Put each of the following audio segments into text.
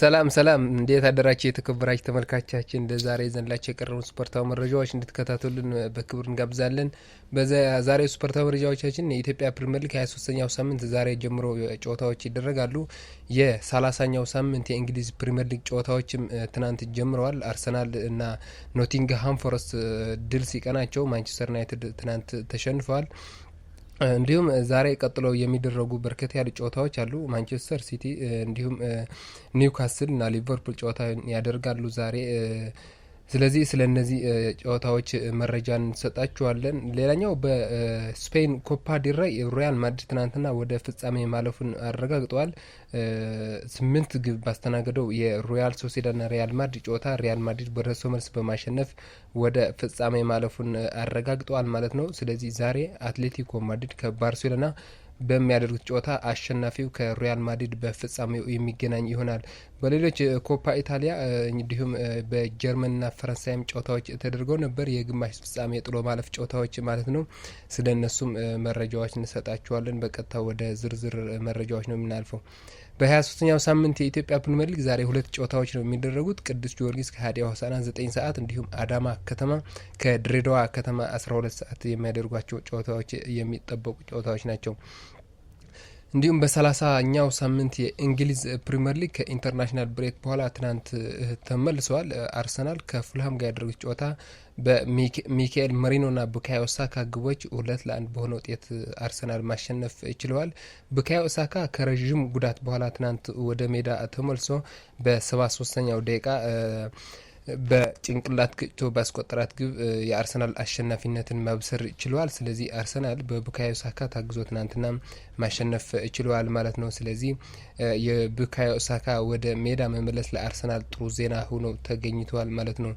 ሰላም ሰላም፣ እንዴት አደራችሁ የተከበራችሁ ተመልካቻችን? እንደ ዛሬ ዘንላቸው የቀረቡን ስፖርታዊ መረጃዎች እንድትከታተሉን በክብር እንጋብዛለን። በዛሬ ስፖርታዊ መረጃዎቻችን የኢትዮጵያ ፕሪምየር ሊግ 23ኛው ሳምንት ዛሬ ጀምሮ ጨዋታዎች ይደረጋሉ። የ30ኛው ሳምንት የእንግሊዝ ፕሪምየር ሊግ ጨዋታዎችም ትናንት ጀምረዋል። አርሰናል እና ኖቲንግሃም ፎረስት ድል ሲቀናቸው፣ ማንቸስተር ዩናይትድ ትናንት ተሸንፈዋል። እንዲሁም ዛሬ ቀጥለው የሚደረጉ በርከት ያሉ ጨዋታዎች አሉ። ማንቸስተር ሲቲ እንዲሁም ኒውካስል እና ሊቨርፑል ጨዋታ ያደርጋሉ ዛሬ ስለዚህ ስለ እነዚህ ጨዋታዎች መረጃ እንሰጣችኋለን። ሌላኛው በስፔን ኮፓ ዲራይ ሪያል ማድሪድ ትናንትና ወደ ፍጻሜ ማለፉን አረጋግጠዋል። ስምንት ግብ ባስተናገደው የሪያል ሶሴዳድና ሪያል ማድሪድ ጨዋታ ሪያል ማድሪድ በደርሶ መልስ በማሸነፍ ወደ ፍጻሜ ማለፉን አረጋግጠዋል ማለት ነው። ስለዚህ ዛሬ አትሌቲኮ ማድሪድ ከባርሴሎና በሚያደርጉት ጨዋታ አሸናፊው ከሪያል ማድሪድ በፍጻሜው የሚገናኝ ይሆናል። በሌሎች ኮፓ ኢታሊያ እንዲሁም በጀርመንና ፈረንሳይም ጨዋታዎች ተደርገው ነበር። የግማሽ ፍጻሜ ጥሎ ማለፍ ጨዋታዎች ማለት ነው። ስለ እነሱም መረጃዎች እንሰጣችኋለን። በቀጥታ ወደ ዝርዝር መረጃዎች ነው የምናልፈው። በ23ኛው ሳምንት የኢትዮጵያ ፕሪምየር ሊግ ዛሬ ሁለት ጨዋታዎች ነው የሚደረጉት። ቅዱስ ጊዮርጊስ ከሀዲያ ሆሳና 9 ሰዓት እንዲሁም አዳማ ከተማ ከድሬዳዋ ከተማ 12 ሰዓት የሚያደርጓቸው ጨዋታዎች የሚጠበቁ ጨዋታዎች ናቸው። እንዲሁም በሰላሳኛው ሳምንት የእንግሊዝ ፕሪምየር ሊግ ከኢንተርናሽናል ብሬክ በኋላ ትናንት ተመልሰዋል። አርሰናል ከፉልሃም ጋር ያደረጉት ጨዋታ በሚካኤል መሪኖ ና ቡካዮ ሳካ ግቦች ሁለት ለአንድ በሆነ ውጤት አርሰናል ማሸነፍ ችለዋል። ቡካዮ ሳካ ከረዥም ጉዳት በኋላ ትናንት ወደ ሜዳ ተመልሶ በሰባ ሶስተኛው ደቂቃ በጭንቅላት ግጭቶ ባስቆጠራት ግብ የአርሰናል አሸናፊነትን ማብሰር ችለዋል። ስለዚህ አርሰናል በቡካዮ ሳካ ታግዞ ትናንትና ማሸነፍ ችለዋል ማለት ነው። ስለዚህ የቡካዮ ሳካ ወደ ሜዳ መመለስ ለአርሰናል ጥሩ ዜና ሆኖ ተገኝተዋል ማለት ነው።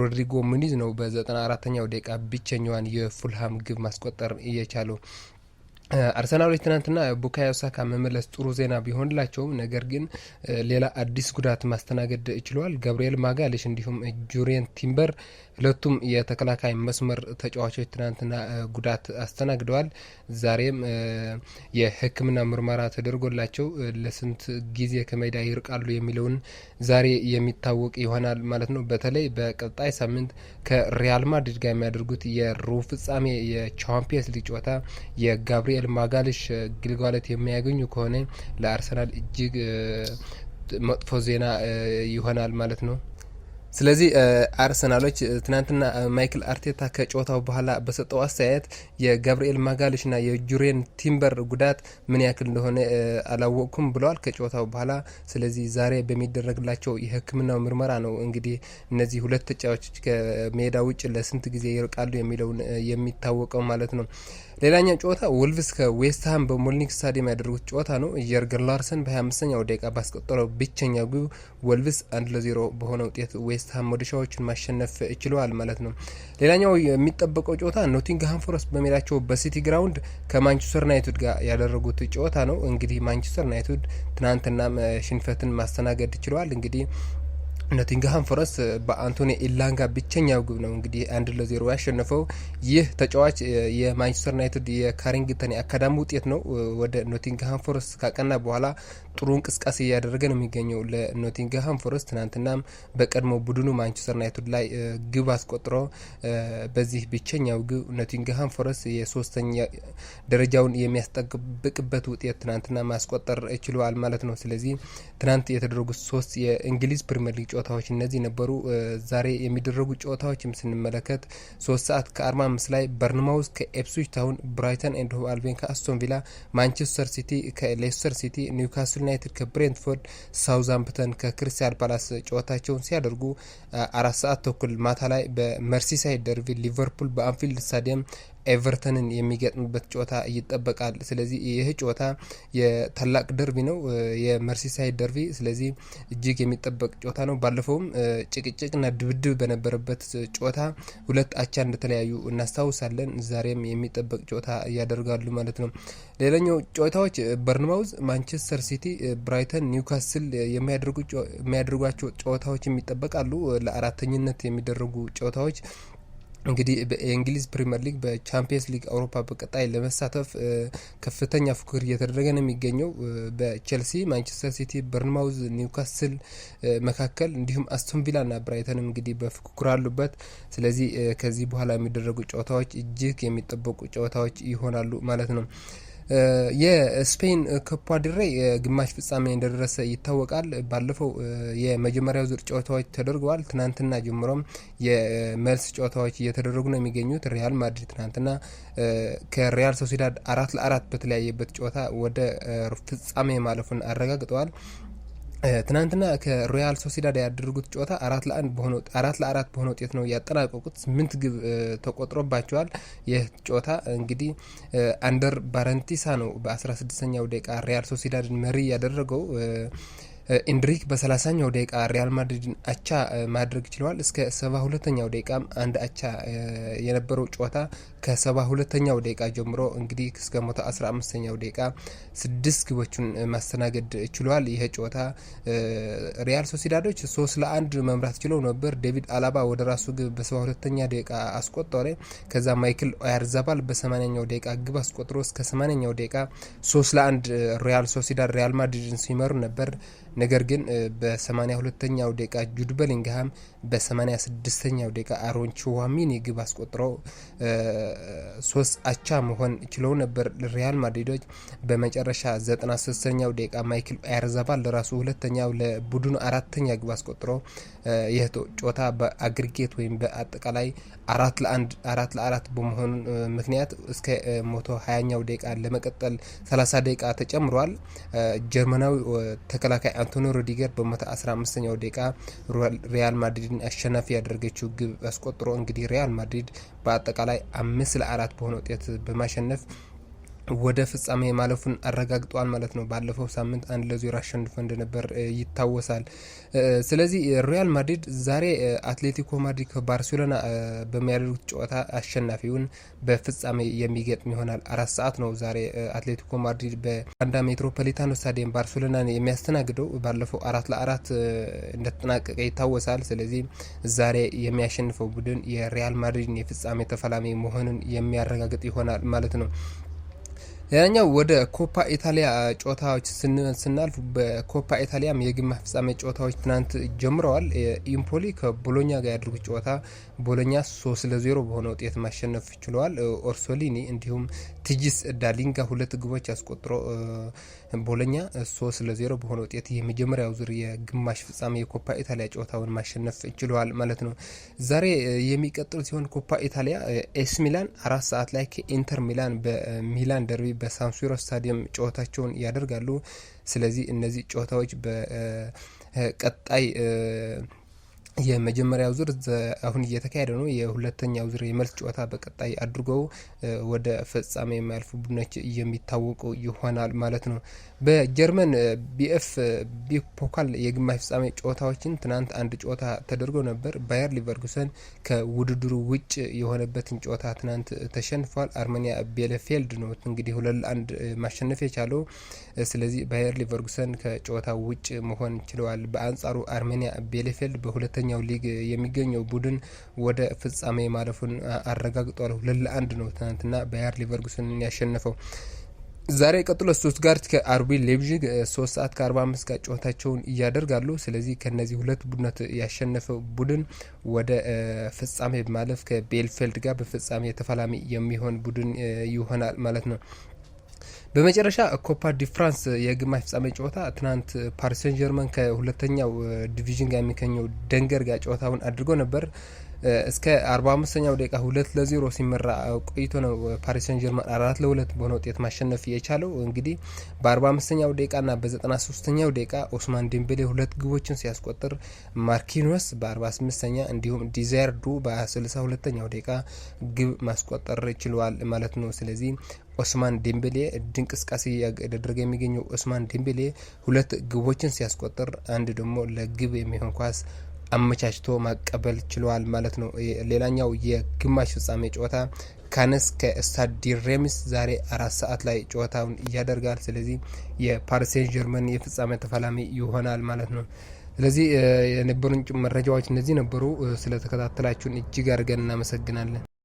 ሮድሪጎ ሙኒዝ ነው በዘጠና አራተኛው ደቂቃ ብቸኛዋን የፉልሃም ግብ ማስቆጠር እየቻለው አርሰናሎች ትናንትና ቡካዮ ሳካ መመለስ ጥሩ ዜና ቢሆንላቸውም ነገር ግን ሌላ አዲስ ጉዳት ማስተናገድ ችለዋል። ገብርኤል ማጋሌሽ እንዲሁም ጁሪየን ቲምበር ሁለቱም የተከላካይ መስመር ተጫዋቾች ትናንትና ጉዳት አስተናግደዋል። ዛሬም የሕክምና ምርመራ ተደርጎላቸው ለስንት ጊዜ ከሜዳ ይርቃሉ የሚለውን ዛሬ የሚታወቅ ይሆናል ማለት ነው። በተለይ በቀጣይ ሳምንት ከሪያል ማድሪድ ጋር የሚያደርጉት የሩብ ፍጻሜ የቻምፒየንስ ሊግ ጨዋታ የጋብርኤል ገብርኤል ማጋልሽ ግልጋሎት የሚያገኙ ከሆነ ለአርሰናል እጅግ መጥፎ ዜና ይሆናል ማለት ነው። ስለዚህ አርሰናሎች ትናንትና ማይክል አርቴታ ከጨዋታው በኋላ በሰጠው አስተያየት የጋብርኤል ማጋሊሽና የጁሬን ቲምበር ጉዳት ምን ያክል እንደሆነ አላወቅኩም ብለዋል ከጨዋታው በኋላ። ስለዚህ ዛሬ በሚደረግላቸው የሕክምናው ምርመራ ነው እንግዲህ እነዚህ ሁለት ተጫዋቾች ከሜዳ ውጭ ለስንት ጊዜ ይርቃሉ የሚለውን የሚታወቀው ማለት ነው። ሌላኛው ጨዋታ ወልቭስ ከዌስትሃም በሞልኒክ ስታዲየም ያደረጉት ጨዋታ ነው። የርገን ላርሰን በ25ኛው ደቂቃ ባስቆጠረው ብቸኛ ግብ ወልቭስ አንድ ለዜሮ በሆነ ውጤት ዌስትሃም ወደሻዎችን ማሸነፍ ችለዋል ማለት ነው። ሌላኛው የሚጠበቀው ጨዋታ ኖቲንግሃም ፎረስት በሜዳቸው በሲቲ ግራውንድ ከማንቸስተር ዩናይትድ ጋር ያደረጉት ጨዋታ ነው። እንግዲህ ማንቸስተር ዩናይትድ ትናንትና ሽንፈትን ማስተናገድ ችለዋል። እንግዲህ ኖቲንግሃም ፎረስት በአንቶኒ ኢላንጋ ብቸኛ ግብ ነው እንግዲህ አንድ ለዜሮ ያሸነፈው። ይህ ተጫዋች የማንቸስተር ዩናይትድ የካሪንግተን አካዳሚ ውጤት ነው። ወደ ኖቲንግሃም ፎረስት ካቀና በኋላ ጥሩ እንቅስቃሴ እያደረገ ነው የሚገኘው ለኖቲንግሃም ፎረስት። ትናንትናም በቀድሞ ቡድኑ ማንቸስተር ዩናይትድ ላይ ግብ አስቆጥሮ በዚህ ብቸኛው ግብ ኖቲንግሃም ፎረስት የሶስተኛ ደረጃውን የሚያስጠብቅበት ውጤት ትናንትና ማስቆጠር ችለዋል ማለት ነው። ስለዚህ ትናንት የተደረጉ ሶስት የእንግሊዝ ፕሪምየር ሊግ ጨዋታዎች እነዚህ ነበሩ። ዛሬ የሚደረጉ ጨዋታዎችም ስንመለከት ሶስት ሰዓት ከአርባ አምስት ላይ በርንማውዝ ከኤፕስዊች ታውን፣ ብራይተን ኤንድ ሆቭ አልቤን ከአስቶን ቪላ፣ ማንቸስተር ሲቲ ከሌስተር ሲቲ፣ ኒውካስል ዩናይትድ ከብሬንትፎርድ፣ ሳውዛምፕተን ከክሪስታል ፓላስ ጨዋታቸውን ሲያደርጉ አራት ሰዓት ተኩል ማታ ላይ በመርሲሳይድ ደርቢ ሊቨርፑል በአንፊልድ ስታዲየም ኤቨርተንን የሚገጥምበት ጨዋታ ይጠበቃል። ስለዚህ ይህ ጨዋታ የታላቅ ደርቢ ነው፣ የመርሲሳይድ ደርቢ። ስለዚህ እጅግ የሚጠበቅ ጨዋታ ነው። ባለፈውም ጭቅጭቅና ድብድብ በነበረበት ጨዋታ ሁለት አቻ እንደተለያዩ እናስታውሳለን። ዛሬም የሚጠበቅ ጨዋታ እያደርጋሉ ማለት ነው። ሌላኛው ጨዋታዎች በርንማውዝ፣ ማንቸስተር ሲቲ፣ ብራይተን፣ ኒውካስል የሚያደርጓቸው ጨዋታዎች ይጠበቃሉ። ለአራተኝነት የሚደረጉ ጨዋታዎች እንግዲህ የእንግሊዝ ፕሪምየር ሊግ በቻምፒየንስ ሊግ አውሮፓ በቀጣይ ለመሳተፍ ከፍተኛ ፉክክር እየተደረገ ነው የሚገኘው። በቼልሲ፣ ማንቸስተር ሲቲ፣ በርንማውዝ፣ ኒውካስል መካከል እንዲሁም አስቶን ና ብራይተንም እንግዲህ በፉክክር አሉበት። ስለዚህ ከዚህ በኋላ የሚደረጉ ጨዋታዎች እጅግ የሚጠበቁ ጨዋታዎች ይሆናሉ ማለት ነው። የስፔን ኮፓ ድሬ ግማሽ ፍጻሜ እንደደረሰ ይታወቃል። ባለፈው የመጀመሪያው ዙር ጨዋታዎች ተደርገዋል። ትናንትና ጀምሮም የመልስ ጨዋታዎች እየተደረጉ ነው የሚገኙት። ሪያል ማድሪድ ትናንትና ከሪያል ሶሲዳድ አራት ለአራት በተለያየበት ጨዋታ ወደ ፍጻሜ ማለፉን አረጋግጠዋል። ትናንትና ከሮያል ሶሲዳድ ያደረጉት ጨዋታ አራት ለአራት በሆነ ውጤት ነው ያጠናቀቁት። ስምንት ግብ ተቆጥሮባቸዋል። ይህ ጨዋታ እንግዲህ አንደር ባረንቲሳ ነው በ16ኛው ደቂቃ ሪያል ሶሲዳድን መሪ ያደረገው። ኢንድሪክ በሰላሳኛው ደቂቃ ሪያል ማድሪድን አቻ ማድረግ ችለዋል። እስከ ሰባ ሁለተኛው ደቂቃም አንድ አቻ የነበረው ጨዋታ ከሰባ ሁለተኛው ደቂቃ ጀምሮ እንግዲህ እስከ ሞታ አስራ አምስተኛው ደቂቃ ስድስት ግቦችን ማስተናገድ ችለዋል። ይህ ጨዋታ ሪያል ሶሲዳዶች ሶስት ለአንድ መምራት ችለው ነበር። ዴቪድ አላባ ወደ ራሱ ግብ በሰባ ሁለተኛ ደቂቃ አስቆጠረ። ከዛ ማይክል ኦያርዛባል በሰማንያኛው ደቂቃ ግብ አስቆጥሮ እስከ ሰማንያኛው ደቂቃ ሶስት ለአንድ ሪያል ሶሲዳድ ሪያል ማድሪድን ሲመሩ ነበር። ነገር ግን በ82ኛው ደቂቃ ጁድ በሊንግሃም በ86ኛው ደቂቃ አሮን ቹዋሚኒ ግብ አስቆጥረው ሶስት አቻ መሆን ችለው ነበር ሪያል ማድሪዶች። በመጨረሻ 93ኛው ደቂቃ ማይክል ኤርዛባል ለራሱ ሁለተኛው ለቡድኑ አራተኛ ግብ አስቆጥሮ ይህ ጮታ በአግሪጌት ወይም በአጠቃላይ አራት ለአንድ አራት ለአራት በመሆኑ ምክንያት እስከ 2 ሀያኛው ደቂቃ ለመቀጠል 30 ደቂቃ ተጨምሯል። ጀርመናዊ ተከላካይ አንቶኒ ሩዲገር በ115ኛው ደቂቃ ሪያል ማድሪድን አሸናፊ ያደረገችው ግብ አስቆጥሮ እንግዲህ ሪያል ማድሪድ በአጠቃላይ አምስት ለአራት በሆነ ውጤት በማሸነፍ ወደ ፍጻሜ ማለፉን አረጋግጧል ማለት ነው። ባለፈው ሳምንት አንድ ለዜሮ አሸንፎ እንደነበር ይታወሳል። ስለዚህ ሪያል ማድሪድ ዛሬ አትሌቲኮ ማድሪድ ከባርሴሎና በሚያደርጉት ጨዋታ አሸናፊውን በፍጻሜ የሚገጥም ይሆናል። አራት ሰዓት ነው ዛሬ አትሌቲኮ ማድሪድ በዋንዳ ሜትሮፖሊታኖ ስታዲየም ባርሴሎናን የሚያስተናግደው። ባለፈው አራት ለአራት እንደተጠናቀቀ ይታወሳል። ስለዚህ ዛሬ የሚያሸንፈው ቡድን የሪያል ማድሪድን የፍጻሜ ተፈላሚ መሆኑን የሚያረጋግጥ ይሆናል ማለት ነው። ሌላኛው ወደ ኮፓ ኢታሊያ ጨዋታዎች ስናልፍ በኮፓ ኢታሊያም የግማሽ ፍጻሜ ጨዋታዎች ትናንት ጀምረዋል። ኢምፖሊ ከቦሎኛ ጋር ያደርጉት ጨዋታ ቦሎኛ ሶስት ለዜሮ በሆነ ውጤት ማሸነፍ ችለዋል። ኦርሶሊኒ እንዲሁም ትጂስ ዳሊንጋ ሁለት ግቦች አስቆጥሮ ቦሎኛ ሶስት ለዜሮ በሆነ ውጤት የመጀመሪያው ዙር የግማሽ ፍጻሜ የኮፓ ኢታሊያ ጨዋታውን ማሸነፍ ችሏል ማለት ነው። ዛሬ የሚቀጥል ሲሆን ኮፓ ኢታሊያ ኤስ ሚላን አራት ሰዓት ላይ ከኢንተር ሚላን በሚላን ደርቢ በሳንሲሮ ስታዲየም ጨዋታቸውን ያደርጋሉ። ስለዚህ እነዚህ ጨዋታዎች በቀጣይ የመጀመሪያው ዙር አሁን እየተካሄደ ነው። የሁለተኛው ዙር የመልስ ጨዋታ በቀጣይ አድርገው ወደ ፍጻሜ የሚያልፉ ቡድኖች የሚታወቁ ይሆናል ማለት ነው። በጀርመን ቢኤፍ ቢ ፖካል የግማሽ ፍጻሜ ጨዋታዎችን ትናንት አንድ ጨዋታ ተደርጎ ነበር። ባየር ሊቨርኩሰን ከውድድሩ ውጭ የሆነበትን ጨዋታ ትናንት ተሸንፏል። አርሜኒያ ቤለፌልድ ነው እንግዲህ ሁለት ለአንድ ማሸነፍ የቻለው። ስለዚህ ባየር ሊቨርኩሰን ከጨዋታ ውጭ መሆን ችለዋል። በአንጻሩ አርሜኒያ ቤለፌልድ በሁለተኛ በሁለተኛው ሊግ የሚገኘው ቡድን ወደ ፍጻሜ ማለፉን አረጋግጧል። ሁለት ለአንድ ነው ትናንትና ባየር ሊቨርጉስንን ያሸነፈው። ዛሬ ቀጥሎ ስቱትጋርት ከአርቢ ሌብዥግ ሶስት ሰዓት ከአርባ አምስት ጋር ጨዋታቸውን እያደርጋሉ። ስለዚህ ከነዚህ ሁለት ቡድነት ያሸነፈው ቡድን ወደ ፍጻሜ ማለፍ ከቤልፌልድ ጋር በፍጻሜ ተፋላሚ የሚሆን ቡድን ይሆናል ማለት ነው። በመጨረሻ ኮፓ ዲ ፍራንስ የግማሽ ፍጻሜ ጨዋታ ትናንት ፓሪስ ሴን ጀርመን ከሁለተኛው ዲቪዥን ጋር የሚገኘው ደንገር ጋር ጨዋታውን አድርጎ ነበር። እስከ 45ኛው ደቂቃ ሁለት ለዜሮ ሲመራ ቆይቶ ነው ፓሪሰን ጀርማን አራት ለሁለት በሆነ ውጤት ማሸነፍ የቻለው። እንግዲህ በ45ኛው ደቂቃ ና በ93ኛው ደቂቃ ኦስማን ዴምቤሌ ሁለት ግቦችን ሲያስቆጥር ማርኪኖስ በ45ኛ እንዲሁም ዲዛይርዱ በ62ኛው ደቂቃ ግብ ማስቆጠር ችለዋል ማለት ነው። ስለዚህ ኦስማን ዴምቤሌ ድንቅ እንቅስቃሴ እያደረገ የሚገኘው ኦስማን ዴምቤሌ ሁለት ግቦችን ሲያስቆጥር አንድ ደግሞ ለግብ የሚሆን ኳስ አመቻችቶ ማቀበል ችለዋል ማለት ነው። ሌላኛው የግማሽ ፍጻሜ ጨዋታ ካነስ ከስታድ ዲ ሬምስ ዛሬ አራት ሰዓት ላይ ጨዋታውን እያደርጋል። ስለዚህ የፓሪሴን ጀርመን የፍጻሜ ተፋላሚ ይሆናል ማለት ነው። ስለዚህ የነበሩን መረጃዎች እነዚህ ነበሩ። ስለተከታተላችሁን እጅግ አድርገን እናመሰግናለን።